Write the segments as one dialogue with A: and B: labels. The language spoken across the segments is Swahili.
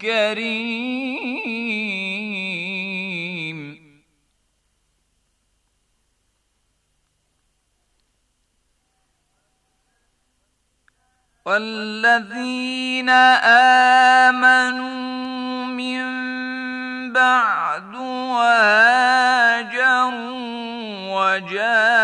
A: كريم والذين آمنوا من بعد وهاجروا وجاهدوا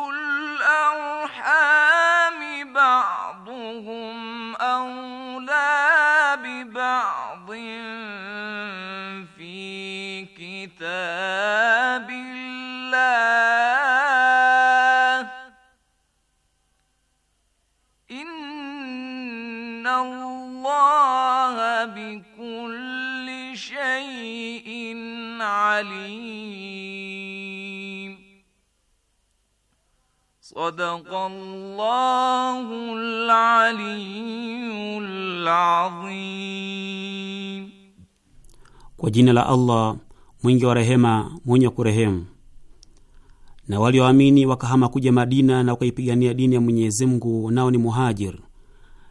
A: Kwa
B: jina la Allah mwingi wa rehema mwenye kurehemu. Na walioamini wa wakahama kuja Madina na wakaipigania dini ya Mwenyezi Mungu, nao ni muhajir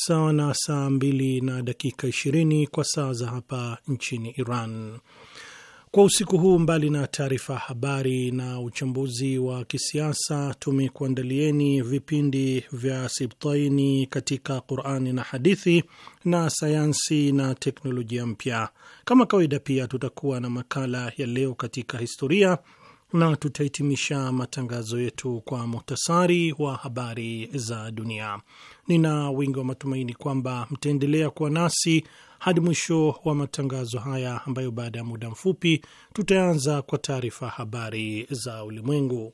C: sawa na saa mbili na dakika ishirini kwa saa za hapa nchini Iran. Kwa usiku huu, mbali na taarifa ya habari na uchambuzi wa kisiasa, tumekuandalieni vipindi vya Sibtaini katika Qurani na hadithi na sayansi na teknolojia mpya. Kama kawaida, pia tutakuwa na makala ya leo katika historia na tutahitimisha matangazo yetu kwa muhtasari wa habari za dunia. Nina wingi wa matumaini kwamba mtaendelea kuwa nasi hadi mwisho wa matangazo haya, ambayo baada ya muda mfupi tutaanza kwa taarifa habari za ulimwengu.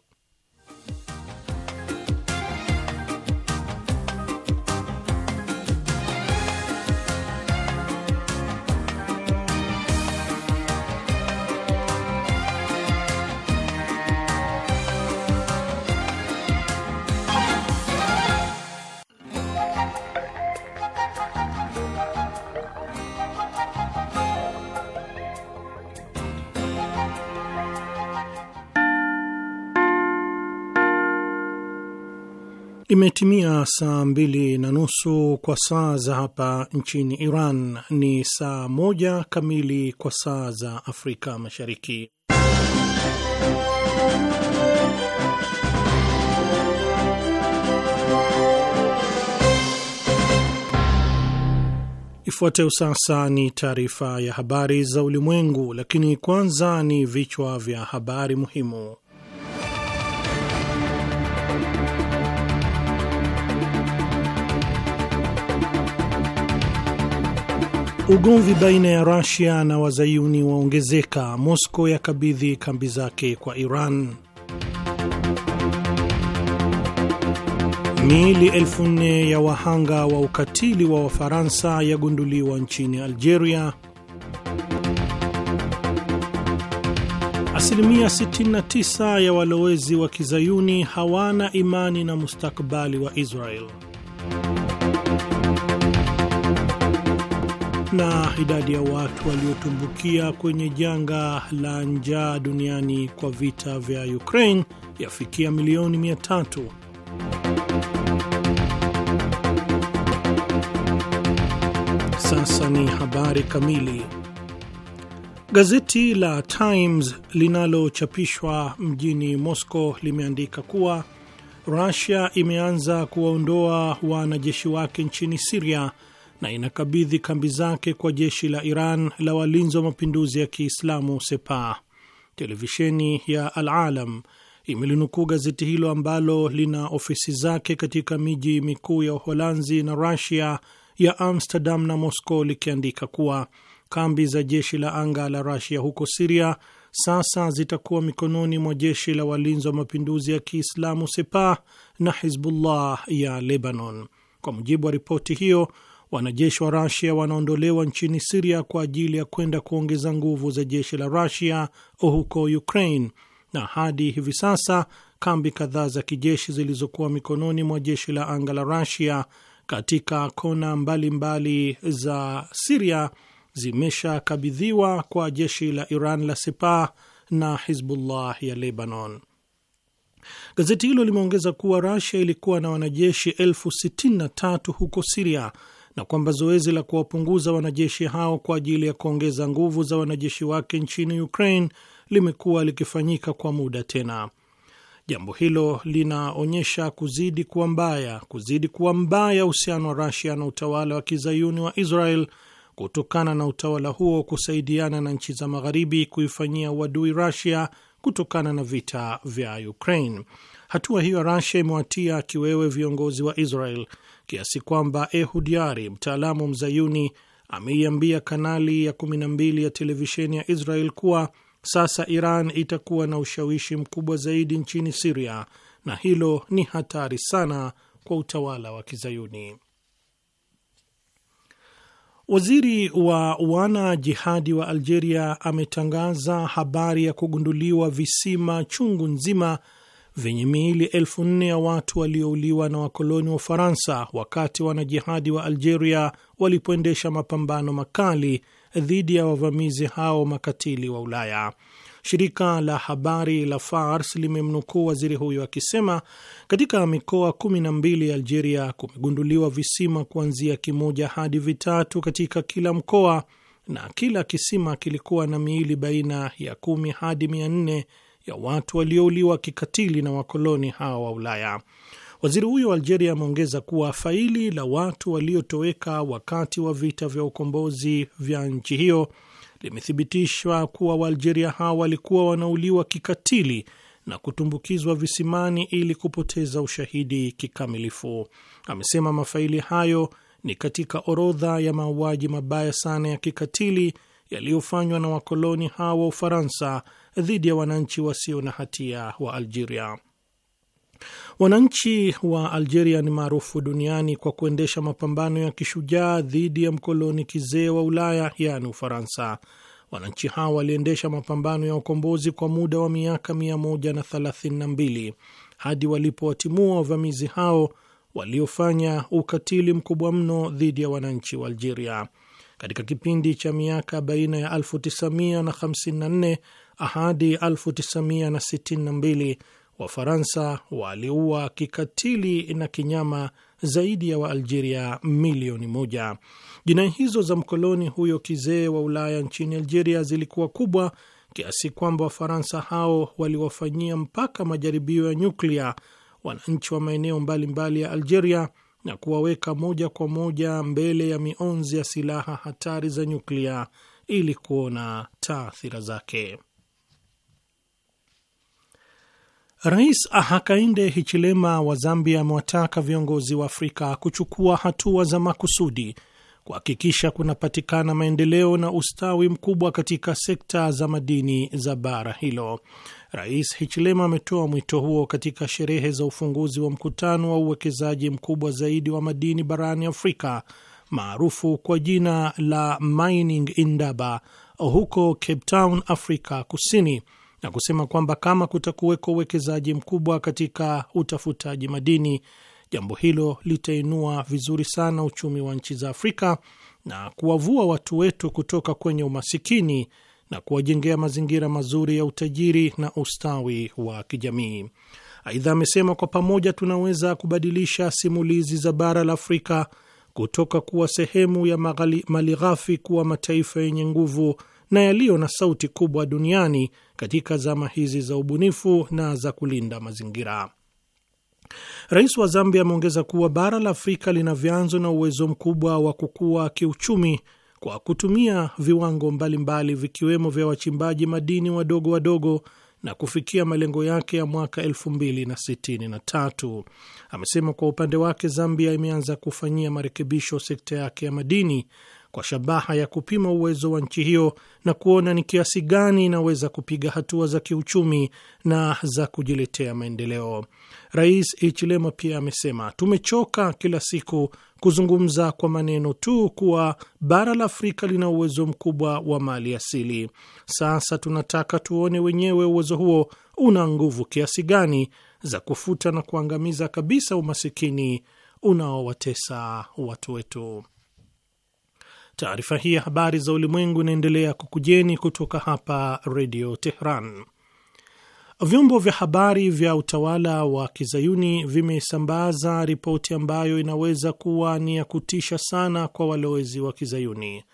C: Imetimia saa mbili na nusu kwa saa za hapa nchini Iran, ni saa moja kamili kwa saa za Afrika Mashariki. Ifuatayo sasa ni taarifa ya habari za ulimwengu, lakini kwanza ni vichwa vya habari muhimu. Ugomvi baina ya Rasia na wazayuni waongezeka. Mosco yakabidhi kambi zake kwa Iran. Miili elfu nne ya wahanga wa ukatili wa Wafaransa yagunduliwa nchini Algeria. Asilimia 69 ya walowezi wa kizayuni hawana imani na mustakbali wa Israel. na idadi ya watu waliotumbukia kwenye janga la njaa duniani kwa vita vya Ukraine yafikia milioni mia tatu. Sasa ni habari kamili. Gazeti la Times linalochapishwa mjini Moscow limeandika kuwa rusia imeanza kuwaondoa wanajeshi wake nchini siria na inakabidhi kambi zake kwa jeshi la Iran la walinzi wa mapinduzi ya Kiislamu Sepah. Televisheni ya Al Alam imelinukuu gazeti hilo ambalo lina ofisi zake katika miji mikuu ya Uholanzi na Rusia ya Amsterdam na Moscow likiandika kuwa kambi za jeshi la anga la Rusia huko Siria sasa zitakuwa mikononi mwa jeshi la walinzi wa mapinduzi ya Kiislamu Sepah na Hizbullah ya Lebanon. Kwa mujibu wa ripoti hiyo, Wanajeshi wa Rasia wanaondolewa nchini Siria kwa ajili ya kwenda kuongeza nguvu za jeshi la Rasia huko Ukraine, na hadi hivi sasa kambi kadhaa za kijeshi zilizokuwa mikononi mwa jeshi la anga la Rasia katika kona mbalimbali mbali za Siria zimeshakabidhiwa kwa jeshi la Iran la Sepah na Hizbullah ya Lebanon. Gazeti hilo limeongeza kuwa Rasia ilikuwa na wanajeshi elfu sitini na tatu huko Siria na kwamba zoezi la kuwapunguza wanajeshi hao kwa ajili ya kuongeza nguvu za wanajeshi wake nchini Ukraine limekuwa likifanyika kwa muda tena. Jambo hilo linaonyesha kuzidi kuwa mbaya kuzidi kuwa mbaya uhusiano wa rasia na utawala wa kizayuni wa Israel kutokana na utawala huo kusaidiana na nchi za magharibi kuifanyia uadui rasia kutokana na vita vya Ukraine. Hatua hiyo ya Russia imewatia kiwewe viongozi wa Israel kiasi kwamba Ehud Yari, mtaalamu mzayuni, ameiambia kanali ya 12 ya televisheni ya Israel kuwa sasa Iran itakuwa na ushawishi mkubwa zaidi nchini Siria, na hilo ni hatari sana kwa utawala wa Kizayuni. Waziri wa wana jihadi wa Algeria ametangaza habari ya kugunduliwa visima chungu nzima vyenye miili elfu nne ya watu waliouliwa na wakoloni wa Ufaransa wakati wanajihadi wa Algeria walipoendesha mapambano makali dhidi ya wavamizi hao makatili wa Ulaya. Shirika la habari la Fars limemnukuu waziri huyo akisema katika mikoa kumi na mbili ya Algeria kumegunduliwa visima kuanzia kimoja hadi vitatu katika kila mkoa, na kila kisima kilikuwa na miili baina ya kumi hadi mia nne ya watu waliouliwa kikatili na wakoloni hawa wa Ulaya. Waziri huyo wa Algeria ameongeza kuwa faili la watu waliotoweka wakati wa vita vya ukombozi vya nchi hiyo limethibitishwa kuwa Waalgeria hao walikuwa wanauliwa kikatili na kutumbukizwa visimani ili kupoteza ushahidi kikamilifu. Amesema mafaili hayo ni katika orodha ya mauaji mabaya sana ya kikatili yaliyofanywa na wakoloni hao wa Ufaransa dhidi ya wananchi wasio na hatia wa Algeria. Wananchi wa Algeria ni maarufu duniani kwa kuendesha mapambano ya kishujaa dhidi ya mkoloni kizee wa Ulaya, yaani Ufaransa. Wananchi hao waliendesha mapambano ya ukombozi kwa muda wa miaka 132 hadi walipowatimua wavamizi hao waliofanya ukatili mkubwa mno dhidi ya wananchi wa Algeria katika kipindi cha miaka baina ya 1954 hadi 1962 Wafaransa waliua kikatili na kinyama zaidi ya Waalgeria milioni moja. Jinai hizo za mkoloni huyo kizee wa Ulaya nchini Algeria zilikuwa kubwa kiasi kwamba Wafaransa hao waliwafanyia mpaka majaribio ya nyuklia wananchi wa maeneo mbalimbali ya Algeria na kuwaweka moja kwa moja mbele ya mionzi ya silaha hatari za nyuklia ili kuona taathira zake. Rais Hakainde Hichilema wa Zambia amewataka viongozi wa Afrika kuchukua hatua za makusudi kuhakikisha kunapatikana maendeleo na ustawi mkubwa katika sekta za madini za bara hilo. Rais Hichilema ametoa mwito huo katika sherehe za ufunguzi wa mkutano wa uwekezaji mkubwa zaidi wa madini barani Afrika maarufu kwa jina la Mining Indaba huko Cape Town, Afrika Kusini, na kusema kwamba kama kutakuweko uwekezaji mkubwa katika utafutaji madini, jambo hilo litainua vizuri sana uchumi wa nchi za Afrika na kuwavua watu wetu kutoka kwenye umasikini na kuwajengea mazingira mazuri ya utajiri na ustawi wa kijamii. Aidha, amesema kwa pamoja tunaweza kubadilisha simulizi za bara la Afrika kutoka kuwa sehemu ya malighafi kuwa mataifa yenye nguvu na yaliyo na sauti kubwa duniani katika zama hizi za ubunifu na za kulinda mazingira. Rais wa Zambia ameongeza kuwa bara la Afrika lina vyanzo na uwezo mkubwa wa kukua kiuchumi kwa kutumia viwango mbalimbali vikiwemo vya wachimbaji madini wadogo wadogo na kufikia malengo yake ya mwaka 2063. Amesema kwa upande wake Zambia imeanza kufanyia marekebisho sekta yake ya madini kwa shabaha ya kupima uwezo wa nchi hiyo na kuona ni kiasi gani inaweza kupiga hatua za kiuchumi na za kujiletea maendeleo. Rais Hichilema pia amesema tumechoka kila siku kuzungumza kwa maneno tu kuwa bara la Afrika lina uwezo mkubwa wa mali asili. Sasa tunataka tuone wenyewe uwezo huo una nguvu kiasi gani za kufuta na kuangamiza kabisa umasikini unaowatesa watu wetu. Taarifa hii ya habari za ulimwengu inaendelea kukujeni kutoka hapa Redio Tehran. Vyombo vya habari vya utawala wa kizayuni vimesambaza ripoti ambayo inaweza kuwa ni ya kutisha sana kwa walowezi wa kizayuni.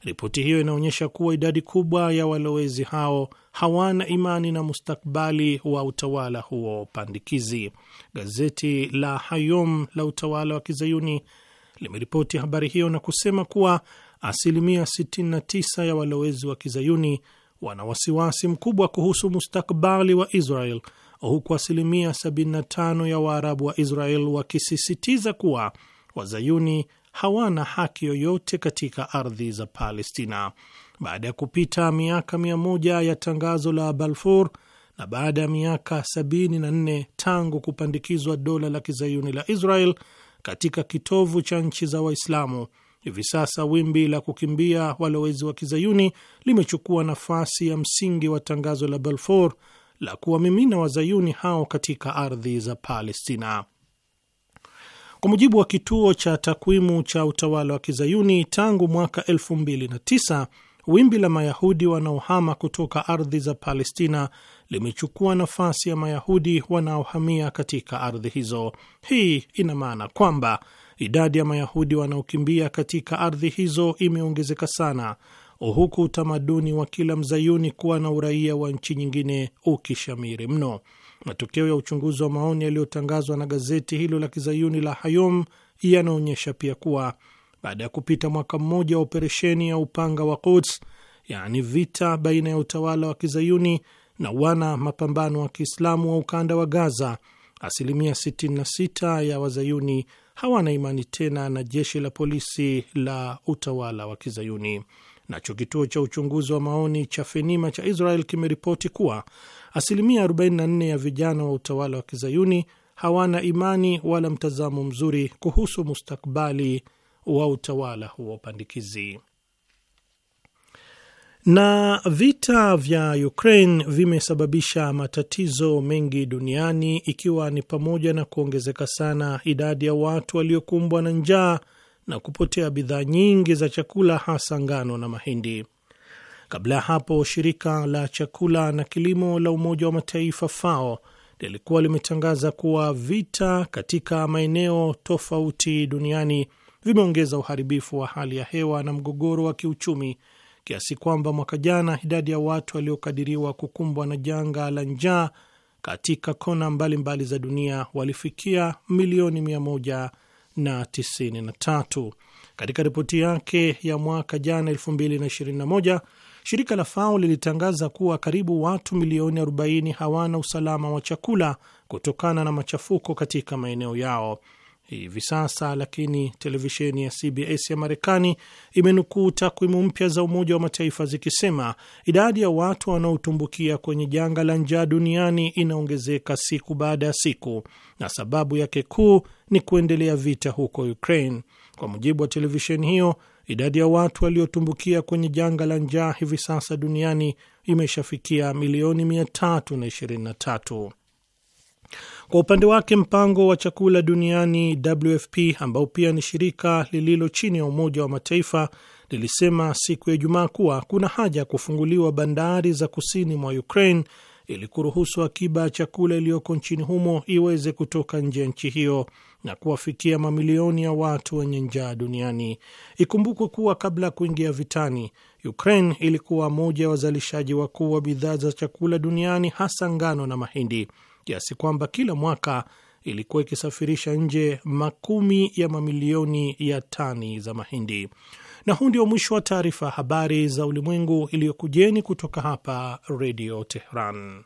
C: Ripoti hiyo inaonyesha kuwa idadi kubwa ya walowezi hao hawana imani na mustakbali wa utawala huo pandikizi. Gazeti la Hayom la utawala wa kizayuni limeripoti habari hiyo na kusema kuwa asilimia 69 ya walowezi wa kizayuni wana wasiwasi mkubwa kuhusu mustakbali wa Israel, huku asilimia 75 ya Waarabu wa Israel wakisisitiza kuwa wazayuni hawana haki yoyote katika ardhi za Palestina. Baada ya kupita miaka mia moja ya tangazo la Balfour na baada ya miaka 74 tangu kupandikizwa dola la kizayuni la Israel katika kitovu cha nchi za Waislamu, Hivi sasa wimbi la kukimbia walowezi wa kizayuni limechukua nafasi ya msingi wa tangazo la Balfour la kuwamimina wazayuni hao katika ardhi za Palestina. Kwa mujibu wa kituo cha takwimu cha utawala wa kizayuni, tangu mwaka 2009 wimbi la Mayahudi wanaohama kutoka ardhi za Palestina limechukua nafasi ya Mayahudi wanaohamia katika ardhi hizo. Hii ina maana kwamba Idadi ya Mayahudi wanaokimbia katika ardhi hizo imeongezeka sana, huku utamaduni wa kila mzayuni kuwa na uraia wa nchi nyingine ukishamiri mno. Matokeo ya uchunguzi wa maoni yaliyotangazwa na gazeti hilo la kizayuni la Hayom yanaonyesha pia kuwa baada ya kupita mwaka mmoja wa operesheni ya upanga wa Quds, yaani vita baina ya utawala wa kizayuni na wana mapambano wa Kiislamu wa ukanda wa Gaza, asilimia 66 ya wazayuni hawana imani tena na jeshi la polisi la utawala wa Kizayuni. Nacho kituo cha uchunguzi wa maoni cha Fenima cha Israel kimeripoti kuwa asilimia 44 ya vijana wa utawala wa Kizayuni hawana imani wala mtazamo mzuri kuhusu mustakbali wa utawala huo pandikizi. Na vita vya Ukraine vimesababisha matatizo mengi duniani ikiwa ni pamoja na kuongezeka sana idadi ya watu waliokumbwa na njaa na kupotea bidhaa nyingi za chakula hasa ngano na mahindi. Kabla ya hapo, shirika la chakula na kilimo la Umoja wa Mataifa FAO lilikuwa limetangaza kuwa vita katika maeneo tofauti duniani vimeongeza uharibifu wa hali ya hewa na mgogoro wa kiuchumi kiasi kwamba mwaka jana idadi ya watu waliokadiriwa kukumbwa na janga la njaa katika kona mbalimbali mbali za dunia walifikia milioni 193. Katika ripoti yake ya mwaka jana 2021, shirika la FAO lilitangaza kuwa karibu watu milioni 40 hawana usalama wa chakula kutokana na machafuko katika maeneo yao hivi sasa, lakini televisheni ya CBS ya Marekani imenukuu takwimu mpya za Umoja wa Mataifa zikisema idadi ya watu wanaotumbukia kwenye janga la njaa duniani inaongezeka siku baada ya siku, na sababu yake kuu ni kuendelea vita huko Ukraine. Kwa mujibu wa televisheni hiyo, idadi ya watu waliotumbukia kwenye janga la njaa hivi sasa duniani imeshafikia milioni 323. Kwa upande wake mpango wa chakula duniani WFP, ambao pia ni shirika lililo chini ya Umoja wa Mataifa, lilisema siku ya Ijumaa kuwa kuna haja ya kufunguliwa bandari za kusini mwa Ukraine ili kuruhusu akiba ya chakula iliyoko nchini humo iweze kutoka nje ya nchi hiyo na kuwafikia mamilioni ya watu wenye njaa duniani. Ikumbukwe kuwa kabla ya kuingia vitani, Ukraine ilikuwa moja ya wazalishaji wakuu wa bidhaa za chakula duniani, hasa ngano na mahindi kiasi kwamba kila mwaka ilikuwa ikisafirisha nje makumi ya mamilioni ya tani za mahindi. Na huu ndio mwisho wa taarifa ya habari za ulimwengu iliyokujeni kutoka hapa Redio Teheran.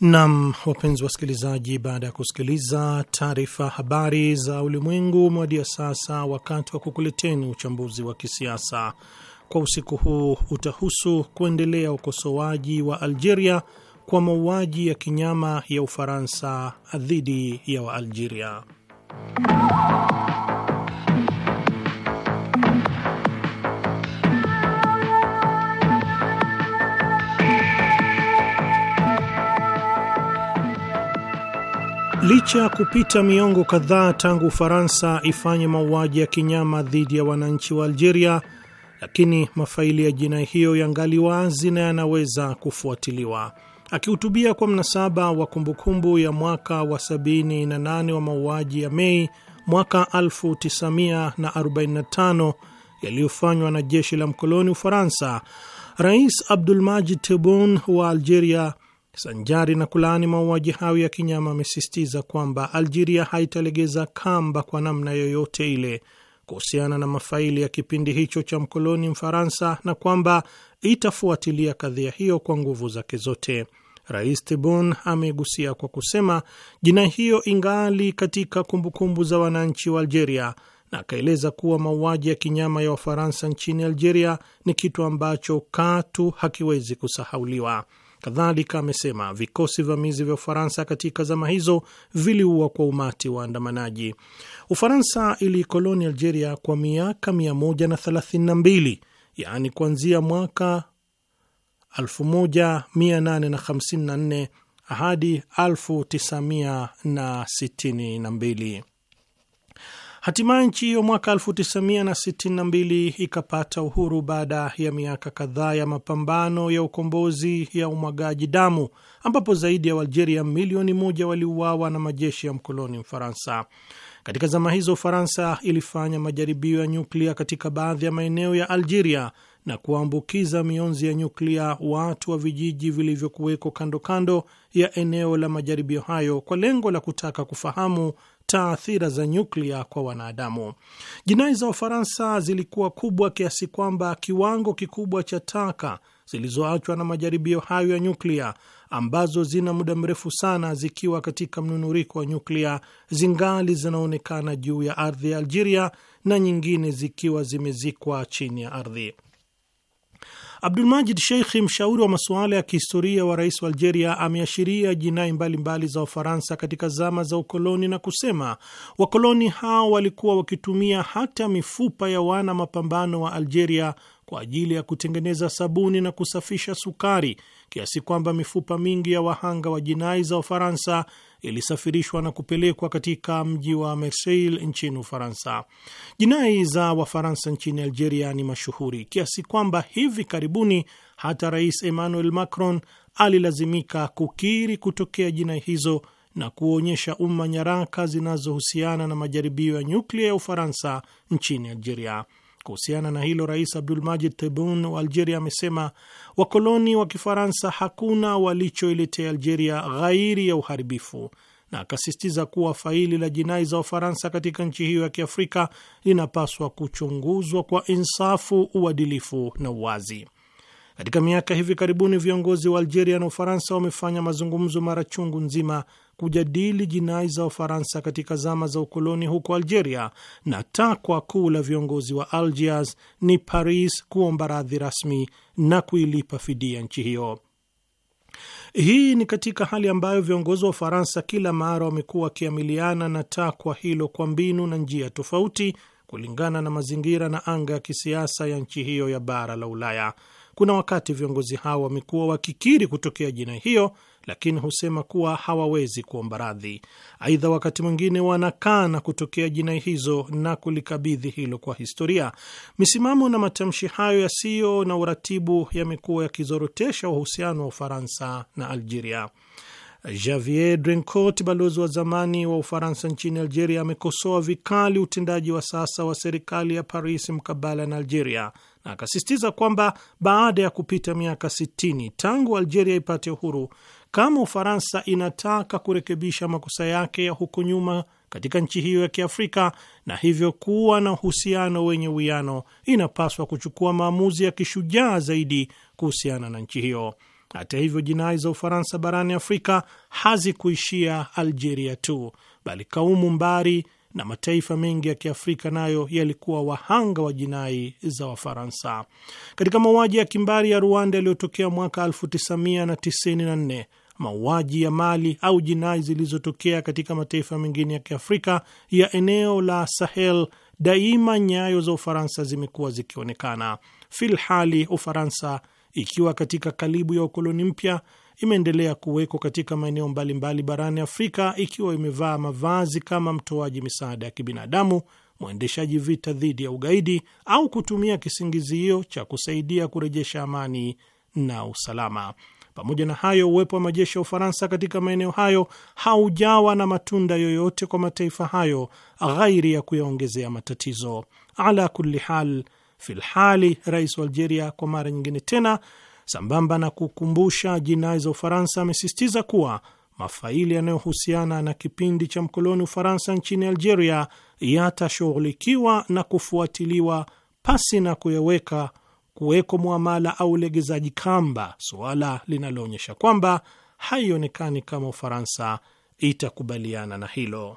C: Nam, wapenzi wasikilizaji, baada ya kusikiliza taarifa habari za ulimwengu, umewadia sasa wakati wa kukuleteni uchambuzi wa kisiasa kwa usiku huu. Utahusu kuendelea ukosoaji wa Algeria kwa mauaji ya kinyama ya Ufaransa dhidi ya Waalgeria. Licha ya kupita miongo kadhaa tangu Ufaransa ifanye mauaji ya kinyama dhidi ya wananchi wa Algeria, lakini mafaili ya jinai hiyo yangali wazi na yanaweza kufuatiliwa. Akihutubia kwa mnasaba wa kumbukumbu ya mwaka wa 78 wa mauaji ya Mei mwaka 1945 yaliyofanywa na jeshi la mkoloni Ufaransa, Rais Abdulmajid Tebboune wa Algeria Sanjari na kulaani mauaji hayo ya kinyama, amesisitiza kwamba Algeria haitalegeza kamba kwa namna yoyote ile kuhusiana na mafaili ya kipindi hicho cha mkoloni Mfaransa na kwamba itafuatilia kadhia hiyo kwa nguvu zake zote. Rais Tebboune amegusia kwa kusema jina hiyo ingali katika kumbukumbu za wananchi wa Algeria na akaeleza kuwa mauaji ya kinyama ya Wafaransa nchini Algeria ni kitu ambacho katu hakiwezi kusahauliwa. Kadhalika amesema vikosi vamizi vya Ufaransa katika zama hizo viliua kwa umati waandamanaji. Ufaransa iliikoloni Algeria kwa miaka 132 yaani kuanzia mwaka 1854 hadi 1962. Hatimaye nchi hiyo mwaka 1962 ikapata uhuru baada ya miaka kadhaa ya mapambano ya ukombozi ya umwagaji damu, ambapo zaidi ya Waalgeria milioni moja waliuawa na majeshi ya mkoloni Mfaransa. Katika zama hizo, Ufaransa ilifanya majaribio ya nyuklia katika baadhi ya maeneo ya Algeria na kuambukiza mionzi ya nyuklia watu wa vijiji vilivyokuweko kando kando ya eneo la majaribio hayo kwa lengo la kutaka kufahamu taathira za nyuklia kwa wanadamu. Jinai za Ufaransa zilikuwa kubwa kiasi kwamba kiwango kikubwa cha taka zilizoachwa na majaribio hayo ya nyuklia ambazo zina muda mrefu sana zikiwa katika mnunuriko wa nyuklia zingali zinaonekana juu ya ardhi ya Algeria na nyingine zikiwa zimezikwa chini ya ardhi. Abdulmajid Sheikhi, mshauri wa masuala ya kihistoria wa rais wa Algeria, ameashiria jinai mbalimbali za Wafaransa katika zama za ukoloni na kusema wakoloni hao walikuwa wakitumia hata mifupa ya wana mapambano wa Algeria kwa ajili ya kutengeneza sabuni na kusafisha sukari kiasi kwamba mifupa mingi ya wahanga wa jinai za Ufaransa ilisafirishwa na kupelekwa katika mji wa Marseille nchini Ufaransa. Jinai za Wafaransa nchini Algeria ni mashuhuri kiasi kwamba hivi karibuni hata Rais Emmanuel Macron alilazimika kukiri kutokea jinai hizo na kuonyesha umma nyaraka zinazohusiana na majaribio ya nyuklia ya Ufaransa nchini Algeria. Kuhusiana na hilo, Rais Abdulmajid Tebun wa Algeria amesema wakoloni wa Kifaransa hakuna walichoiletea Algeria ghairi ya uharibifu, na akasisitiza kuwa faili la jinai za Wafaransa katika nchi hiyo ya Kiafrika linapaswa kuchunguzwa kwa insafu, uadilifu na uwazi. Katika miaka hivi karibuni viongozi wa Algeria na Ufaransa wamefanya mazungumzo mara chungu nzima kujadili jinai za ufaransa katika zama za ukoloni huko Algeria, na takwa kuu la viongozi wa Algiers ni Paris kuomba radhi rasmi na kuilipa fidia nchi hiyo. Hii ni katika hali ambayo viongozi wa Ufaransa kila mara wamekuwa wakiamiliana na takwa hilo kwa mbinu na njia tofauti kulingana na mazingira na anga ya kisiasa ya nchi hiyo ya bara la Ulaya. Kuna wakati viongozi hao wamekuwa wakikiri kutokea jinai hiyo, lakini husema kuwa hawawezi kuomba radhi. Aidha, wakati mwingine wanakana kutokea jinai hizo na kulikabidhi hilo kwa historia. Misimamo na matamshi hayo yasiyo na uratibu yamekuwa yakizorotesha uhusiano wa Ufaransa na Algeria. Javier Drencot, balozi wa zamani wa Ufaransa nchini Algeria, amekosoa vikali utendaji wa sasa wa serikali ya Paris mkabala na Algeria na akasisitiza kwamba baada ya kupita miaka 60 tangu Algeria ipate uhuru, kama Ufaransa inataka kurekebisha makosa yake ya huko nyuma katika nchi hiyo ya Kiafrika na hivyo kuwa na uhusiano wenye uwiano, inapaswa kuchukua maamuzi ya kishujaa zaidi kuhusiana na nchi hiyo. Hata hivyo, jinai za Ufaransa barani Afrika hazikuishia Algeria tu, bali kaumu mbari na mataifa mengi ya Kiafrika nayo yalikuwa wahanga wa jinai za Wafaransa. Katika mauaji ya kimbari ya Rwanda yaliyotokea mwaka 1994, mauaji ya Mali au jinai zilizotokea katika mataifa mengine ya Kiafrika ya eneo la Sahel, daima nyayo za Ufaransa zimekuwa zikionekana. Filhali Ufaransa ikiwa katika kalibu ya ukoloni mpya imeendelea kuwekwa katika maeneo mbalimbali barani Afrika ikiwa imevaa mavazi kama mtoaji misaada ya kibinadamu, mwendeshaji vita dhidi ya ugaidi, au kutumia kisingizio cha kusaidia kurejesha amani na usalama. Pamoja na hayo, uwepo wa majeshi ya Ufaransa katika maeneo hayo haujawa na matunda yoyote kwa mataifa hayo ghairi ya kuyaongezea matatizo. Ala kulli hal, filhali rais wa Algeria kwa mara nyingine tena Sambamba na kukumbusha jinai za Ufaransa, amesisitiza kuwa mafaili yanayohusiana na kipindi cha mkoloni Ufaransa nchini Algeria yatashughulikiwa na kufuatiliwa pasi na kuyaweka kuweko mwamala au ulegezaji kamba, suala linaloonyesha kwamba haionekani kama Ufaransa itakubaliana na hilo.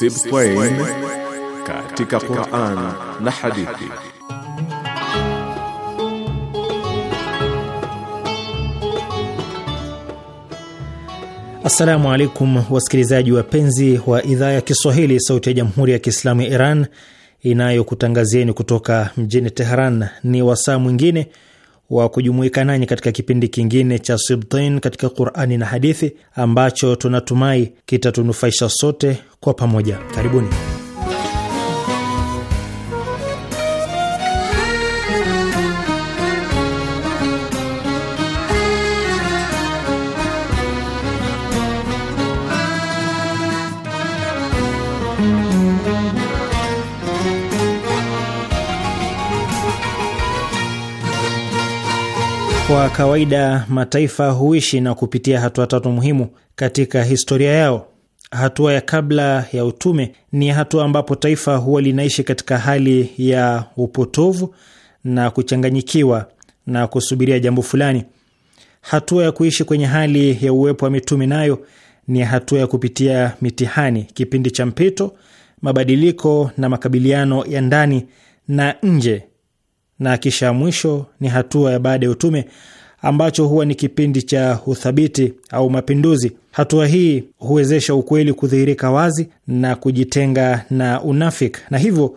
B: Sibtain
C: katika Qur'an na hadithi.
D: Assalamu alaikum wasikilizaji wapenzi wa idhaa ya Kiswahili sauti ya Jamhuri ya Kiislamu ya Iran inayokutangazieni kutoka mjini teheran Ni wasaa mwingine wa kujumuika nanyi katika kipindi kingine cha Sibtain katika Qurani na Hadithi ambacho tunatumai kitatunufaisha sote kwa pamoja. Karibuni. Kwa kawaida mataifa huishi na kupitia hatua tatu muhimu katika historia yao. Hatua ya kabla ya utume ni hatua ambapo taifa huwa linaishi katika hali ya upotovu na kuchanganyikiwa na kusubiria jambo fulani. Hatua ya kuishi kwenye hali ya uwepo wa mitume nayo ni hatua ya kupitia mitihani, kipindi cha mpito, mabadiliko na makabiliano ya ndani na nje na kisha mwisho ni hatua ya baada ya utume ambacho huwa ni kipindi cha uthabiti au mapinduzi. Hatua hii huwezesha ukweli kudhihirika wazi na kujitenga na unafiki, na hivyo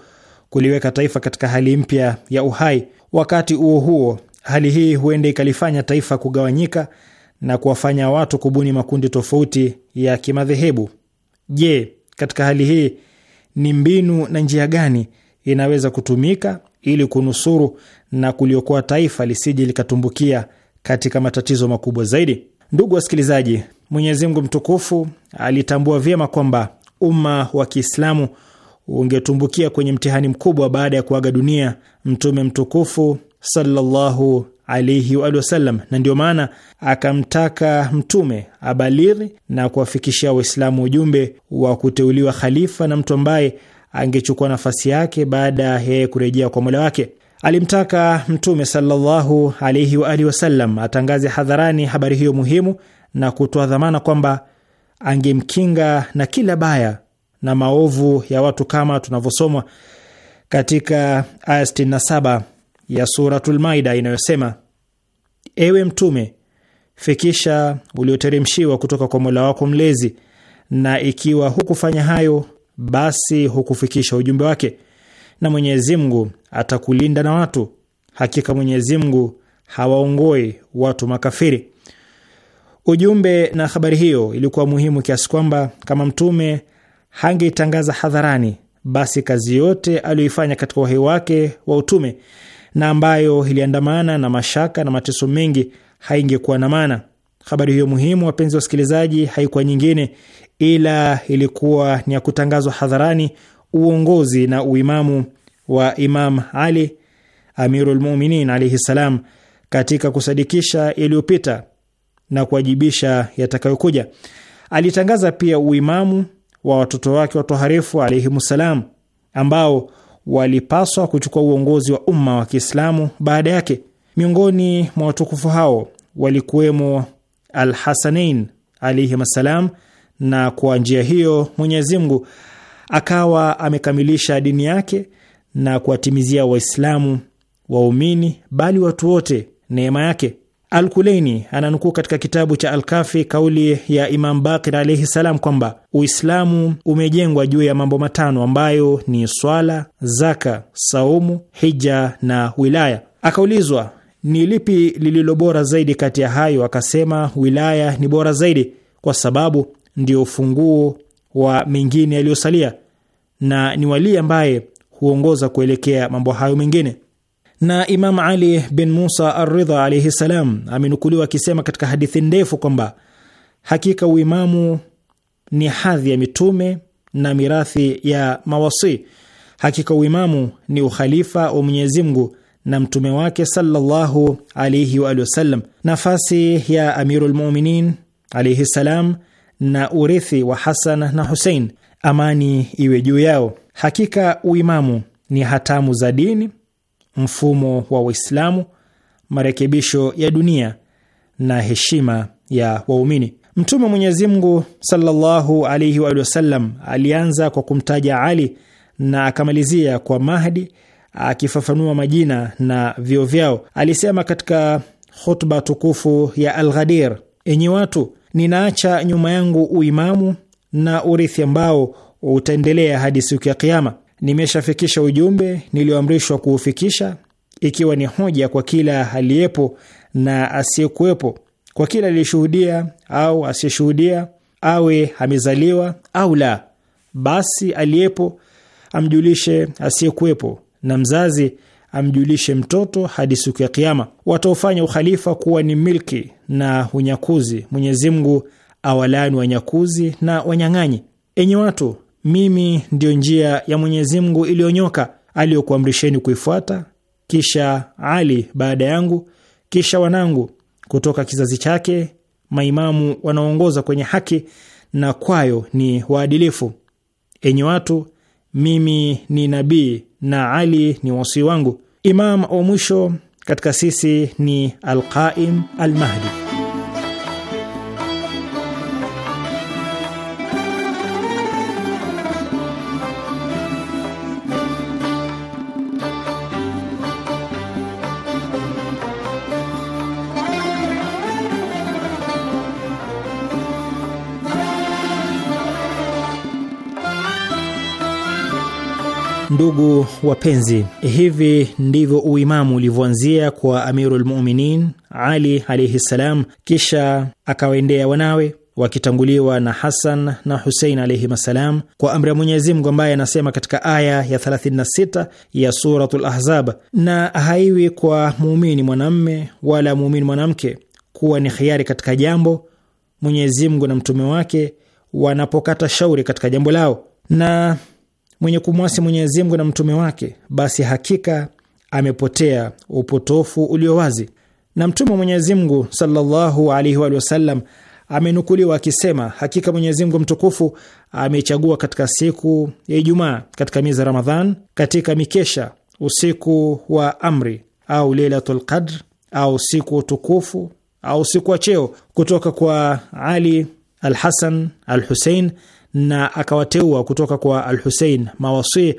D: kuliweka taifa katika hali mpya ya uhai. Wakati huo huo, hali hii huenda ikalifanya taifa kugawanyika na kuwafanya watu kubuni makundi tofauti ya kimadhehebu. Je, katika hali hii ni mbinu na njia gani inaweza kutumika ili kunusuru na kuliokoa taifa lisije likatumbukia katika matatizo makubwa zaidi. Ndugu wasikilizaji, Mwenyezi Mungu mtukufu alitambua vyema kwamba umma wa Kiislamu ungetumbukia kwenye mtihani mkubwa baada ya kuaga dunia mtume mtukufu sallallahu alaihi wa sallam, na ndiyo maana akamtaka mtume abaliri na kuwafikishia Waislamu ujumbe wa kuteuliwa khalifa na mtu ambaye angechukua nafasi yake baada ya yeye kurejea kwa Mola wake. Alimtaka Mtume sallallahu alaihi wa alihi wasallam atangaze hadharani habari hiyo muhimu na kutoa dhamana kwamba angemkinga na kila baya na maovu ya watu kama tunavyosomwa katika aya 67 ya Suratul Maida inayosema: ewe Mtume, fikisha ulioteremshiwa kutoka kwa Mola wako Mlezi, na ikiwa hukufanya hayo basi hukufikisha ujumbe wake, na Mwenyezi Mungu atakulinda na watu. Hakika Mwenyezi Mungu hawaongoi watu makafiri. Ujumbe na habari hiyo ilikuwa muhimu kiasi kwamba kama Mtume hangeitangaza hadharani, basi kazi yote aliyoifanya katika uhai wake wa utume na ambayo iliandamana na mashaka na mateso mengi haingekuwa na maana. Habari hiyo muhimu, wapenzi wasikilizaji, haikuwa nyingine ila ilikuwa ni ya kutangazwa hadharani uongozi na uimamu wa Imam Ali Amirul Mu'minin alayhi salam katika kusadikisha yaliyopita na kuwajibisha yatakayokuja. Alitangaza pia uimamu wa watoto wake watoharifu alayhimu salam ambao walipaswa kuchukua uongozi wa umma wa Kiislamu baada yake. Miongoni mwa watukufu hao walikuwemo Al-Hasanain alayhim salam na kwa njia hiyo Mwenyezi Mungu akawa amekamilisha dini yake na kuwatimizia Waislamu waumini, bali watu wote neema yake. Alkuleini ananukuu katika kitabu cha Alkafi kauli ya Imam Bakir alaihi salam kwamba Uislamu umejengwa juu ya mambo matano ambayo ni swala, zaka, saumu, hija na wilaya. Akaulizwa ni lipi lililo bora zaidi kati ya hayo, akasema wilaya ni bora zaidi, kwa sababu ndio ufunguo wa mengine yaliyosalia na ni wali ambaye huongoza kuelekea mambo hayo mengine. Na Imam Ali bin Musa Ar-Ridha alayhi salam amenukuliwa akisema katika hadithi ndefu kwamba hakika uimamu ni hadhi ya mitume na mirathi ya mawasi. Hakika uimamu ni ukhalifa wa Mwenyezi Mungu na mtume wake sallallahu alayhi wa alihi wasallam. Nafasi ya Amirul Mu'minin alayhi salam na urithi wa Hasan na Husein, amani iwe juu yao. Hakika uimamu ni hatamu za dini, mfumo wa uislamu marekebisho ya dunia na heshima ya waumini. Mtume Mwenyezi Mungu sallallahu alaihi wa sallam alianza kwa kumtaja Ali na akamalizia kwa Mahdi, akifafanua majina na vio vyao. Alisema katika khutba tukufu ya Alghadir, enyi watu ninaacha nyuma yangu uimamu na urithi ambao utaendelea hadi siku ya Kiama. Nimeshafikisha ujumbe nilioamrishwa kuufikisha, ikiwa ni hoja kwa kila aliyepo na asiyekuwepo, kwa kila aliyeshuhudia au asiyeshuhudia, awe amezaliwa au la. Basi aliyepo amjulishe asiyekuwepo, na mzazi amjulishe mtoto hadi siku ya Kiama. Wataofanya ukhalifa kuwa ni milki na unyakuzi. Mwenyezi Mungu awalaani wanyakuzi na wanyang'anyi. Enyi watu, mimi ndiyo njia ya Mwenyezi Mungu iliyonyoka aliyokuamrisheni kuifuata, kisha Ali baada yangu, kisha wanangu kutoka kizazi chake, maimamu wanaoongoza kwenye haki na kwayo ni waadilifu. Enyi watu, mimi ni nabii na Ali ni wasii wangu. Imam wa mwisho katika sisi ni Alqaim Almahdi. Ndugu wapenzi, hivi ndivyo uimamu ulivyoanzia kwa amirulmuminin Ali alaihi ssalam, kisha akawaendea wanawe wakitanguliwa na Hasan na Husein alaihim assalam, kwa amri ya Mwenyezi Mungu ambaye anasema katika aya ya 36 ya Suratul Ahzab: na haiwi kwa muumini mwanamme wala muumini mwanamke kuwa ni khiari katika jambo Mwenyezi Mungu na mtume wake wanapokata shauri katika jambo lao, na mwenye kumwasi Mwenyezi Mungu na mtume wake, basi hakika amepotea upotofu ulio wazi. Na mtume wa Mwenyezi Mungu sallallahu alaihi wa sallam amenukuliwa akisema, hakika Mwenyezi Mungu mtukufu amechagua katika siku ya Ijumaa katika miezi ya Ramadhan, katika mikesha usiku wa amri au Lailatul Qadr au siku tukufu au siku wa cheo kutoka kwa Ali alhasan Alhusein al-Husein na akawateua kutoka kwa Al-Hussein mawasi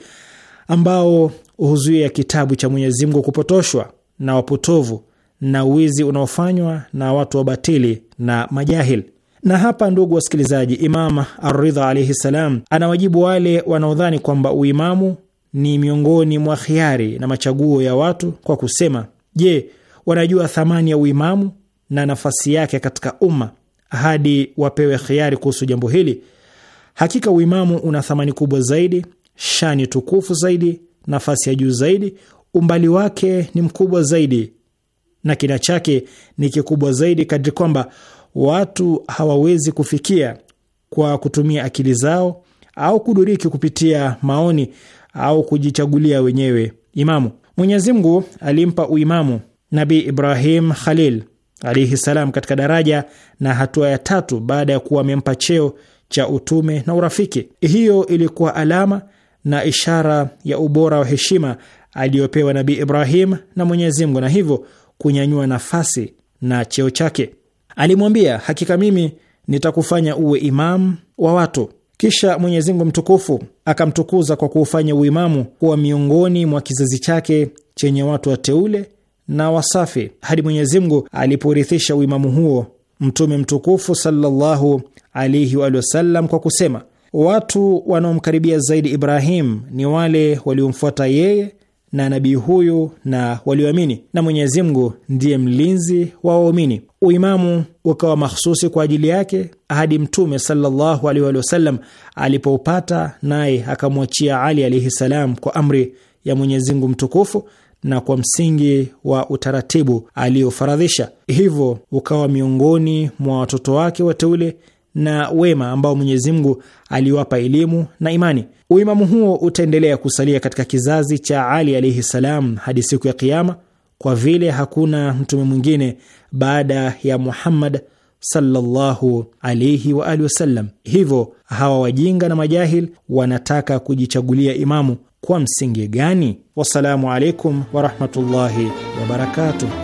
D: ambao huzuia kitabu cha Mwenyezi Mungu kupotoshwa na wapotovu na wizi unaofanywa na watu wabatili na majahil. Na hapa, ndugu wasikilizaji, Imam Ar-Ridha alayhi salam anawajibu wale wanaodhani kwamba uimamu ni miongoni mwa khiari na machaguo ya watu kwa kusema, je, wanajua thamani ya uimamu na nafasi yake katika umma hadi wapewe khiari kuhusu jambo hili? Hakika uimamu una thamani kubwa zaidi, shani tukufu zaidi, nafasi ya juu zaidi, umbali wake ni mkubwa zaidi na kina chake ni kikubwa zaidi, kadri kwamba watu hawawezi kufikia kwa kutumia akili zao au kuduriki kupitia maoni au kujichagulia wenyewe imamu. Mwenyezi Mungu alimpa uimamu Nabi Ibrahim Khalil alaihi salam katika daraja na hatua ya tatu baada ya kuwa amempa cheo cha utume na urafiki. Hiyo ilikuwa alama na ishara ya ubora wa heshima aliyopewa Nabii Ibrahim na Mwenyezi Mungu, na hivyo kunyanyua nafasi na cheo chake. Alimwambia, hakika mimi nitakufanya uwe imamu wa watu. Kisha Mwenyezi Mungu mtukufu akamtukuza kwa kuufanya uimamu kuwa miongoni mwa kizazi chake chenye watu wateule na wasafi, hadi Mwenyezi Mungu aliporithisha uimamu huo Mtume mtukufu sallallahu alaihi wa sallam kwa kusema, watu wanaomkaribia zaidi Ibrahim ni wale waliomfuata yeye na nabii huyu na walioamini, na Mwenyezi Mungu ndiye mlinzi wa waumini. Uimamu ukawa mahsusi kwa ajili yake hadi Mtume sallallahu alaihi alipoupata, naye akamwachia Ali alaihi salam kwa amri ya Mwenyezi Mungu mtukufu na kwa msingi wa utaratibu aliofaradhisha, hivyo ukawa miongoni mwa watoto wake wateule na wema ambao Mwenyezi Mungu aliwapa elimu na imani. Uimamu huo utaendelea kusalia katika kizazi cha Ali alaihi salam hadi siku ya Kiama, kwa vile hakuna mtume mwingine baada ya Muhammad sallallahu alaihi wa alihi wasallam. Hivyo hawa wajinga na majahil wanataka kujichagulia imamu kwa msingi gani? Wassalamu alaikum warahmatullahi wabarakatuh.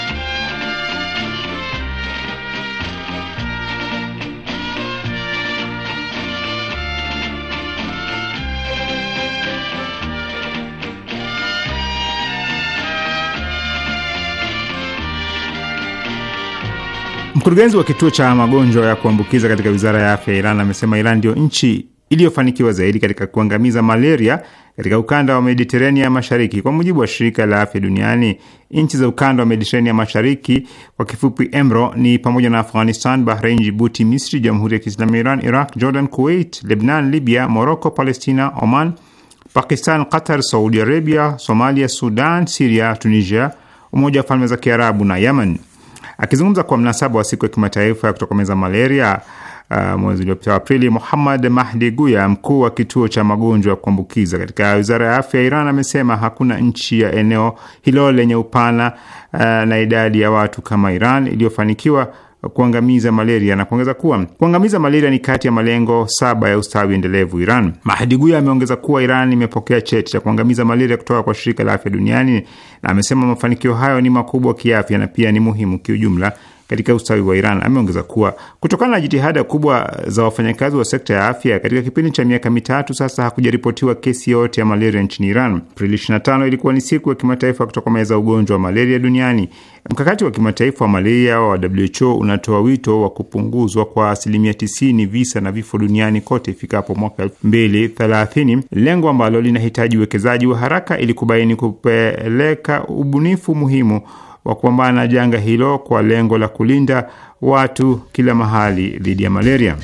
E: Mkurugenzi wa kituo cha magonjwa ya kuambukiza katika wizara ya afya ya Iran amesema Iran ndio nchi iliyofanikiwa zaidi katika kuangamiza malaria katika ukanda wa Mediterania Mashariki. Kwa mujibu wa shirika la afya duniani, nchi za ukanda wa Mediterania Mashariki, kwa kifupi EMRO, ni pamoja na Afghanistan, Bahrain, Jibuti, Misri, Jamhuri ya Kiislamu Iran, Iraq, Jordan, Kuwait, Lebnan, Libya, Moroko, Palestina, Oman, Pakistan, Qatar, Saudi Arabia, Somalia, Sudan, Siria, Tunisia, Umoja wa Falme za Kiarabu na Yemen. Akizungumza kwa mnasaba wa siku ya kimataifa ya kutokomeza malaria uh, mwezi uliopita wa Aprili, Muhammad Mahdi Guya, mkuu wa kituo cha magonjwa ya kuambukiza katika wizara ya afya ya Iran, amesema hakuna nchi ya eneo hilo lenye upana uh, na idadi ya watu kama Iran iliyofanikiwa kuangamiza malaria na kuongeza kuwa kuangamiza malaria ni kati ya malengo saba ya ustawi endelevu Iran. Mahdi Guya ameongeza kuwa Iran imepokea cheti cha kuangamiza malaria kutoka kwa shirika la afya duniani, na amesema mafanikio hayo ni makubwa kiafya na pia ni muhimu kiujumla katika ustawi wa Iran. Ameongeza kuwa kutokana na jitihada kubwa za wafanyakazi wa sekta ya afya, katika kipindi cha miaka mitatu sasa hakujaripotiwa kesi yoyote ya malaria nchini Iran. Aprili 25 ilikuwa ni siku ya kimataifa kutokomeza ugonjwa wa malaria duniani. Mkakati wa kimataifa wa malaria wa WHO unatoa wito wa kupunguzwa kwa asilimia 90 visa na vifo duniani kote ifikapo mwaka 2030, lengo ambalo linahitaji uwekezaji wa haraka ili kubaini kupeleka ubunifu muhimu wa kupambana na janga hilo kwa lengo la kulinda watu kila mahali dhidi ya malaria.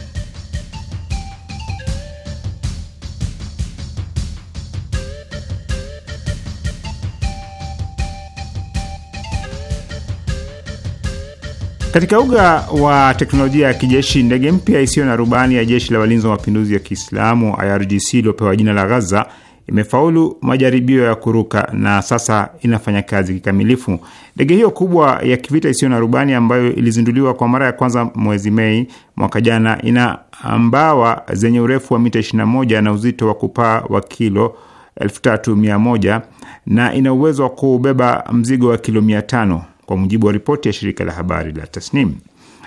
E: Katika uga wa teknolojia ya kijeshi, ndege mpya isiyo na rubani ya jeshi la walinzi wa mapinduzi ya Kiislamu IRGC iliyopewa jina la Ghaza imefaulu majaribio ya kuruka na sasa inafanya kazi kikamilifu. Ndege hiyo kubwa ya kivita isiyo na rubani ambayo ilizinduliwa kwa mara ya kwanza mwezi Mei mwaka jana ina mbawa zenye urefu wa mita 21 na uzito wa kupaa wa kilo 3100 na ina uwezo wa kubeba mzigo wa kilo 500 kwa mujibu wa ripoti ya shirika la habari la Tasnim.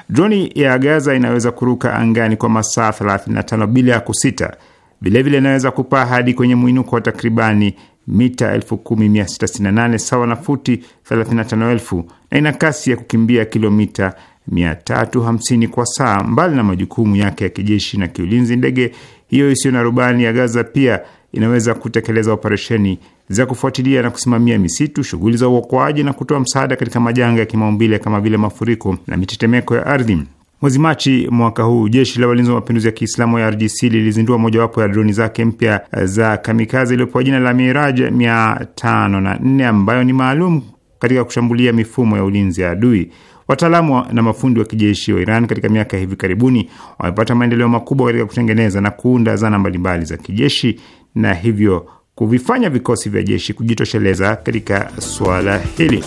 E: Droni ya Gaza inaweza kuruka angani kwa masaa 35 bila ya kusita. Vilevile inaweza kupaa hadi kwenye mwinuko wa takribani mita 10668 sawa na futi 35000 na ina kasi ya kukimbia kilomita 350 kwa saa. Mbali na majukumu yake ya kijeshi na kiulinzi, ndege hiyo isiyo na rubani ya Gaza pia inaweza kutekeleza operesheni za kufuatilia na kusimamia misitu, shughuli za uokoaji na kutoa msaada katika majanga ya kimaumbile kama vile mafuriko na mitetemeko ya ardhi. Mwezi Machi mwaka huu jeshi la walinzi wa mapinduzi ya Kiislamu ya RGC lilizindua mojawapo ya droni zake mpya za kamikazi iliyopewa jina la Miraj mia tano na nne ambayo ni maalum katika kushambulia mifumo ya ulinzi ya adui. Wataalamu na mafundi wa kijeshi wa Iran katika miaka ya hivi karibuni wamepata maendeleo makubwa katika kutengeneza na kuunda zana mbalimbali za kijeshi na hivyo kuvifanya vikosi vya jeshi kujitosheleza katika suala hili.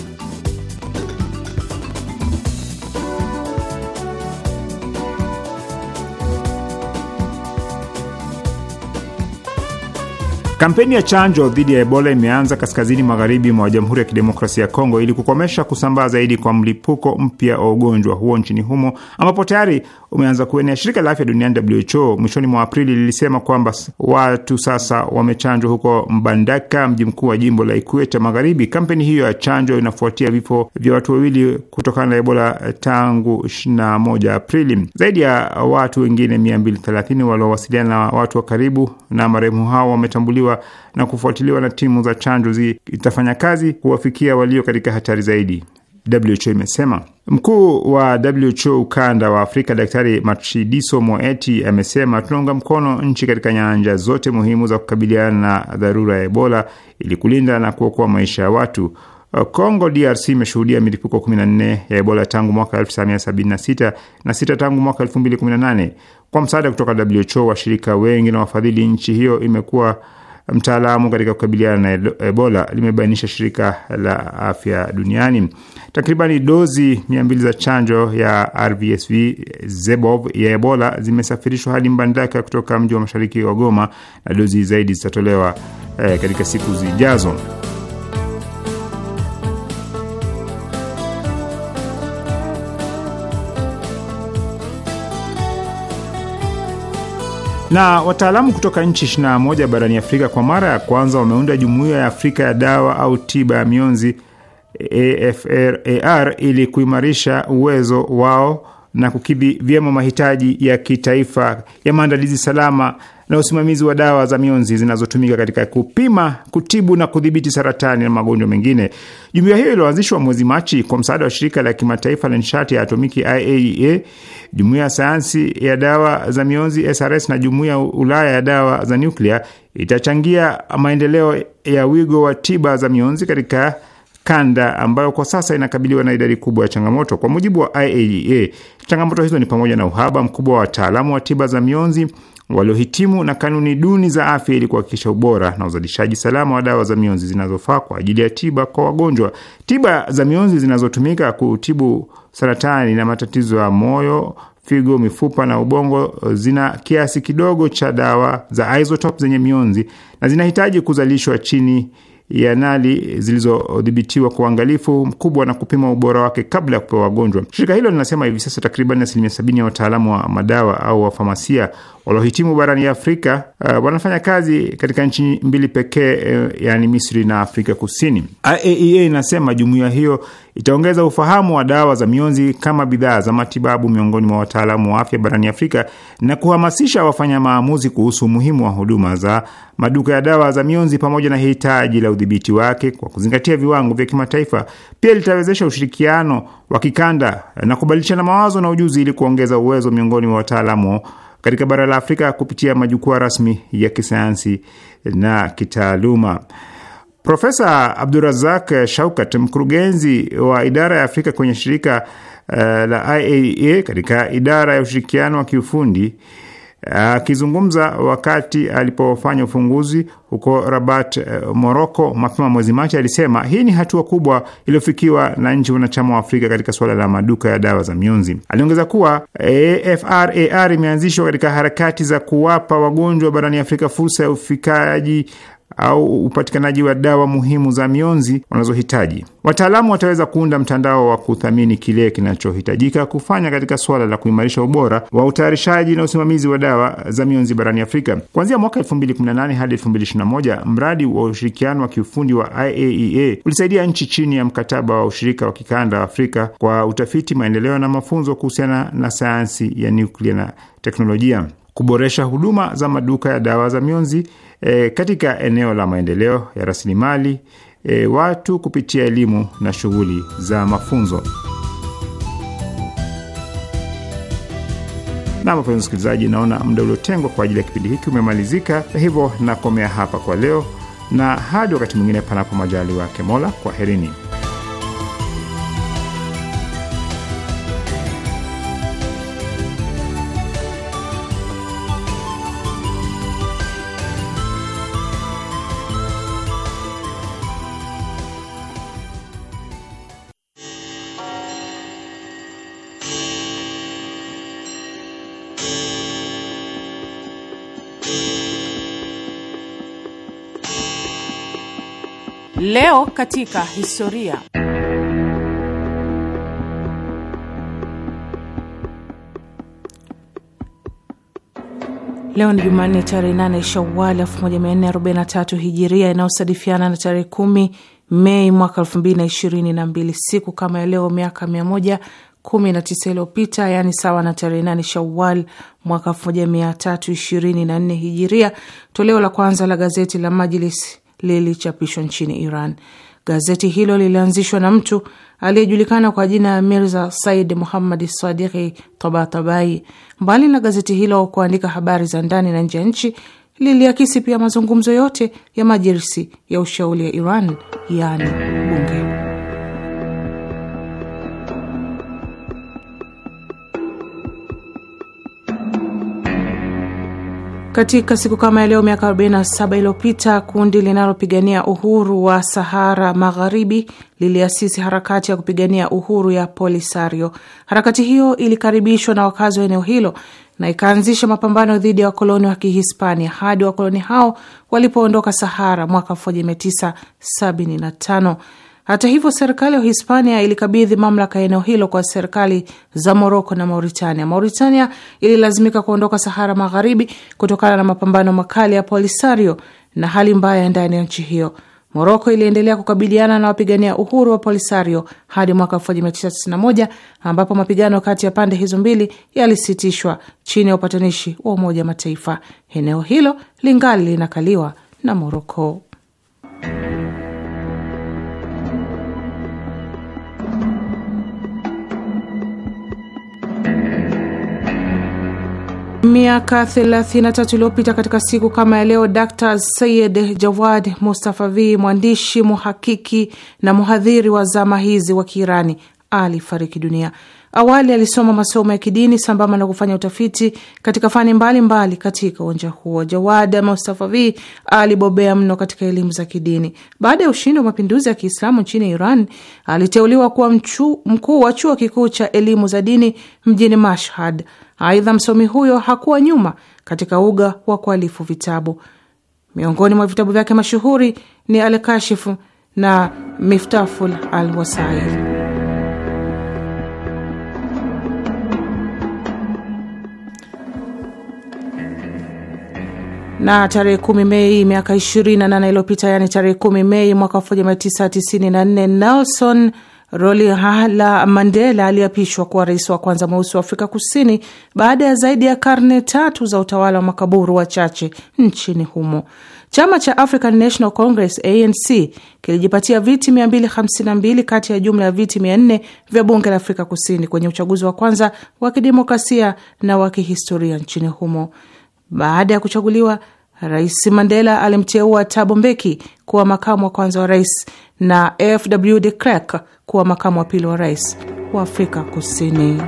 E: Kampeni ya chanjo dhidi ya Ebola imeanza kaskazini magharibi mwa Jamhuri ya Kidemokrasia ya Kongo ili kukomesha kusambaa zaidi kwa mlipuko mpya wa ugonjwa huo nchini humo ambapo tayari umeanza kuenea. Shirika la afya duniani WHO mwishoni mwa Aprili lilisema kwamba watu sasa wamechanjwa huko Mbandaka, mji mkuu wa jimbo la ikueta Magharibi. Kampeni hiyo ya chanjo inafuatia vifo vya watu wawili kutokana na Ebola tangu 21 Aprili. Zaidi ya watu wengine 230 waliowasiliana na watu wa karibu na marehemu hao wametambuliwa na kufuatiliwa na timu za chanjo zitafanya kazi kuwafikia walio katika hatari zaidi. WHO imesema. Mkuu wa WHO ukanda wa Afrika, Daktari Matshidiso Moeti amesema, tunaunga mkono nchi katika nyanja zote muhimu za kukabiliana na dharura ya Ebola ili kulinda na kuokoa maisha ya watu. Kongo DRC imeshuhudia milipuko 14 ya Ebola tangu mwaka 1976 na sita tangu mwaka 2018. Kwa msaada kutoka WHO, washirika wengi na wafadhili, nchi hiyo imekuwa mtaalamu katika kukabiliana na Ebola, limebainisha shirika la afya duniani. Takribani dozi mia mbili za chanjo ya RVSV ZEBOV ya Ebola zimesafirishwa hadi Mbandaka kutoka mji wa mashariki wa Goma, na dozi zaidi zitatolewa eh, katika siku zijazo. na wataalamu kutoka nchi 21 barani Afrika kwa mara ya kwanza wameunda jumuiya ya Afrika ya dawa au tiba ya mionzi AFRAR ili kuimarisha uwezo wao na kukidhi vyema mahitaji ya kitaifa ya maandalizi salama na usimamizi wa dawa za mionzi zinazotumika katika kupima, kutibu na kudhibiti saratani na magonjwa mengine. Jumuiya hiyo iliyoanzishwa mwezi Machi kwa msaada wa shirika la kimataifa la nishati ya atomiki IAEA, e, jumuiya ya sayansi ya dawa za mionzi SRS na jumuiya ya Ulaya ya dawa za nuklia itachangia maendeleo ya wigo wa tiba za mionzi katika kanda ambayo kwa sasa inakabiliwa na idadi kubwa ya changamoto. Kwa mujibu wa IAEA, e, changamoto hizo ni pamoja na uhaba mkubwa wa wataalamu wa tiba za mionzi waliohitimu na kanuni duni za afya ili kuhakikisha ubora na uzalishaji salama wa dawa za mionzi zinazofaa kwa ajili ya tiba kwa wagonjwa. Tiba za mionzi zinazotumika kutibu saratani na matatizo ya moyo, figo, mifupa na ubongo zina kiasi kidogo cha dawa za isotope zenye mionzi na zinahitaji kuzalishwa chini ya nali zilizodhibitiwa kwa uangalifu mkubwa na kupima ubora wake kabla ya kupewa wagonjwa. Shirika hilo linasema hivi sasa takriban asilimia sabini ya wataalamu wa madawa au wafamasia waliohitimu barani Afrika uh, wanafanya kazi katika nchi mbili pekee, uh, eh, yani Misri na Afrika Kusini. IAEA e inasema jumuiya hiyo itaongeza ufahamu wa dawa za mionzi kama bidhaa za matibabu miongoni mwa wataalamu wa afya barani Afrika na kuhamasisha wafanya maamuzi kuhusu umuhimu wa huduma za maduka ya dawa za mionzi pamoja na hitaji la udhibiti wake kwa kuzingatia viwango vya kimataifa. Pia litawezesha ushirikiano wa kikanda na kubadilishana mawazo na ujuzi ili kuongeza uwezo miongoni mwa wataalamu katika bara la Afrika kupitia majukwaa rasmi ya kisayansi na kitaaluma. Profesa Abdurazak Shaukat, mkurugenzi wa idara ya Afrika kwenye shirika uh, la IAEA katika idara ya ushirikiano wa kiufundi eh, akizungumza uh, wakati alipofanya ufunguzi huko Rabat, uh, eh, Moroko mapema mwezi Machi, alisema hii ni hatua kubwa iliyofikiwa na nchi wanachama wa Afrika katika suala la maduka ya dawa za mionzi. Aliongeza kuwa AFRAR imeanzishwa katika harakati za kuwapa wagonjwa barani Afrika fursa ya ufikaji au upatikanaji wa dawa muhimu za mionzi wanazohitaji. Wataalamu wataweza kuunda mtandao wa kuthamini kile kinachohitajika kufanya katika suala la kuimarisha ubora wa utayarishaji na usimamizi wa dawa za mionzi barani Afrika. Kuanzia mwaka 2018 hadi 2021, mradi wa ushirikiano wa kiufundi wa IAEA e ulisaidia nchi chini ya mkataba wa ushirika wa kikanda wa Afrika kwa utafiti, maendeleo na mafunzo kuhusiana na sayansi ya nuklia na teknolojia, kuboresha huduma za maduka ya dawa za mionzi e, katika eneo la maendeleo ya rasilimali e, watu kupitia elimu na shughuli za mafunzo. Na wapenzi msikilizaji, naona muda uliotengwa kwa ajili ya kipindi hiki umemalizika, hivyo nakomea hapa kwa leo, na hadi wakati mwingine, panapo majali wake Mola, kwaherini.
F: Leo katika historia. Leo ni Jumanne tarehe 8 Shawal 1443 Hijiria, inayosadifiana na tarehe kumi Mei mwaka 2022. Siku kama ya leo miaka 119 iliyopita, yaani sawa na tarehe 8 Shawal mwaka 1324 Hijiria, toleo la kwanza la gazeti la Majlis lilichapishwa nchini Iran. Gazeti hilo lilianzishwa na mtu aliyejulikana kwa jina ya Mirza Said Muhammad Sadiki Tabatabai. Mbali na gazeti hilo kuandika habari za ndani na nje ya nchi, liliakisi pia mazungumzo yote ya majirisi ya ushauri ya Iran, yaani bunge. Katika siku kama ya leo miaka 47 iliyopita kundi linalopigania uhuru wa Sahara Magharibi liliasisi harakati ya kupigania uhuru ya Polisario. Harakati hiyo ilikaribishwa na wakazi wa eneo hilo na ikaanzisha mapambano dhidi ya wakoloni wa Kihispania hadi wakoloni hao walipoondoka Sahara mwaka 1975. Hata hivyo, serikali ya Uhispania ilikabidhi mamlaka ya eneo hilo kwa serikali za Moroko na Mauritania. Mauritania ililazimika kuondoka Sahara Magharibi kutokana na mapambano makali ya Polisario na hali mbaya ndani ya nchi hiyo. Moroko iliendelea kukabiliana na wapigania uhuru wa Polisario hadi mwaka 1991 ambapo mapigano kati ya pande hizo mbili yalisitishwa chini ya upatanishi wa Umoja wa Mataifa. Eneo hilo lingali linakaliwa na Moroko. Miaka 33 iliyopita katika siku kama ya leo, Dr Sayed Jawad Mustafa V, mwandishi muhakiki na mhadhiri wa zama hizi wa Kiirani alifariki dunia. Awali alisoma masomo ya kidini sambamba na kufanya utafiti katika fani mbalimbali mbali katika uwanja huo. Jawad Mustafavi alibobea mno katika elimu za kidini. Baada ya ushindi wa mapinduzi ya Kiislamu nchini Iran, aliteuliwa kuwa mkuu wa chuo kikuu cha elimu za dini mjini Mashhad. Aidha, msomi huyo hakuwa nyuma katika uga wa kualifu vitabu. Miongoni mwa vitabu vyake mashuhuri ni Alkashifu na Miftaful al Wasail. na tarehe kumi Mei miaka 28 iliyopita, yani tarehe kumi Mei mwaka nne, Nelson Rolihahla Mandela aliapishwa kuwa rais wa kwanza mweusi wa Afrika Kusini baada ya zaidi ya karne tatu za utawala wa makaburu wachache nchini humo. Chama cha African National Congress ANC kilijipatia viti 252 kati ya jumla ya viti 400 vya bunge la Afrika Kusini kwenye uchaguzi wa kwanza wa kidemokrasia na wa kihistoria nchini humo. Baada ya kuchaguliwa, Rais Mandela alimteua Thabo Mbeki kuwa makamu wa kwanza wa rais na FW de Klerk kuwa makamu wa pili wa rais wa Afrika Kusini.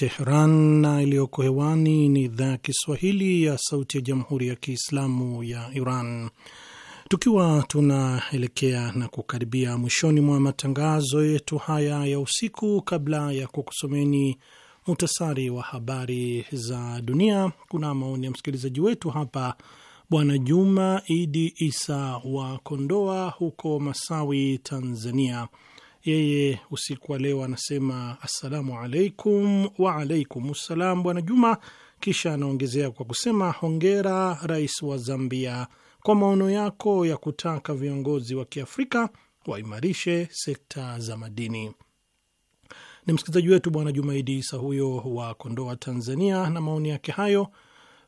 C: Tehran na iliyoko hewani ni idhaa ya Kiswahili ya Sauti ya Jamhuri ya Kiislamu ya Iran. Tukiwa tunaelekea na kukaribia mwishoni mwa matangazo yetu haya ya usiku, kabla ya kukusomeni muhtasari wa habari za dunia, kuna maoni ya msikilizaji wetu hapa, Bwana Juma Idi Isa wa Kondoa huko Masawi, Tanzania yeye usiku wa leo anasema assalamu alaikum. Wa alaikum ssalam, bwana Juma. Kisha anaongezea kwa kusema hongera rais wa Zambia kwa maono yako ya kutaka viongozi wa kiafrika waimarishe sekta za madini. Ni msikilizaji wetu bwana Jumaidi Isa huyo wa Kondoa, Tanzania, na maoni yake hayo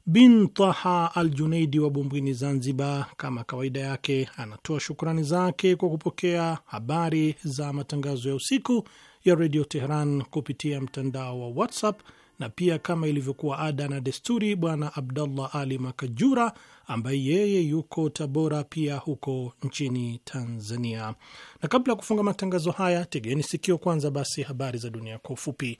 C: bin Taha al Junaidi wa Bumbwini, Zanzibar. Kama kawaida yake, anatoa shukrani zake kwa kupokea habari za matangazo ya usiku ya Redio Teheran kupitia mtandao wa WhatsApp na pia kama ilivyokuwa ada na desturi, Bwana abdullah Ali Makajura ambaye yeye yuko Tabora pia huko nchini Tanzania. Na kabla ya kufunga matangazo haya, tegeni sikio kwanza basi habari za dunia kwa ufupi.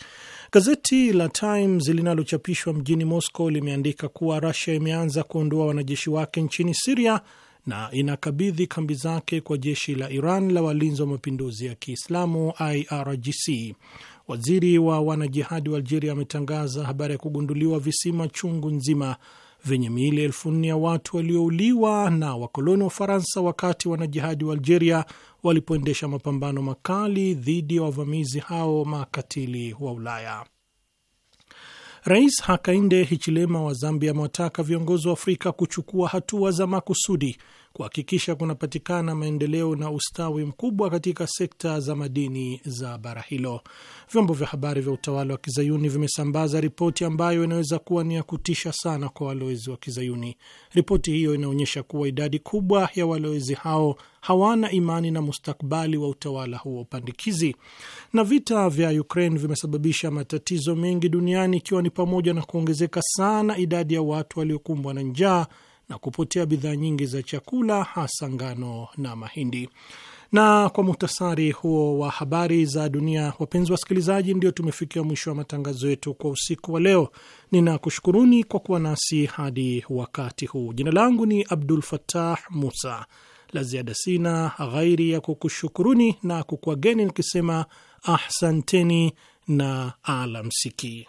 C: Gazeti la Times linalochapishwa mjini Moscow limeandika kuwa rasia imeanza kuondoa wanajeshi wake nchini Siria na inakabidhi kambi zake kwa jeshi la Iran la walinzi wa mapinduzi ya Kiislamu, IRGC. Waziri wa wanajihadi wa Algeria ametangaza habari ya kugunduliwa visima chungu nzima vyenye miili elfu nne ya watu waliouliwa na wakoloni wa Ufaransa wakati wanajihadi wa Algeria walipoendesha mapambano makali dhidi ya wavamizi hao makatili wa Ulaya. Rais Hakainde Hichilema wa Zambia amewataka viongozi wa Afrika kuchukua hatua za makusudi kuhakikisha kunapatikana maendeleo na ustawi mkubwa katika sekta za madini za bara hilo. Vyombo vya habari vya utawala wa kizayuni vimesambaza ripoti ambayo inaweza kuwa ni ya kutisha sana kwa walowezi wa kizayuni. Ripoti hiyo inaonyesha kuwa idadi kubwa ya walowezi hao hawana imani na mustakbali wa utawala huo pandikizi. Na vita vya Ukraine vimesababisha matatizo mengi duniani, ikiwa ni pamoja na kuongezeka sana idadi ya watu waliokumbwa na njaa na kupotea bidhaa nyingi za chakula hasa ngano na mahindi. Na kwa muhtasari huo wa habari za dunia, wapenzi wasikilizaji, ndio tumefikia mwisho wa matangazo yetu kwa usiku wa leo. Ninakushukuruni kwa kuwa nasi hadi wakati huu. Jina langu ni Abdul fatah Musa. La ziada sina ghairi ya kukushukuruni na kukuageni nikisema ahsanteni na alamsiki.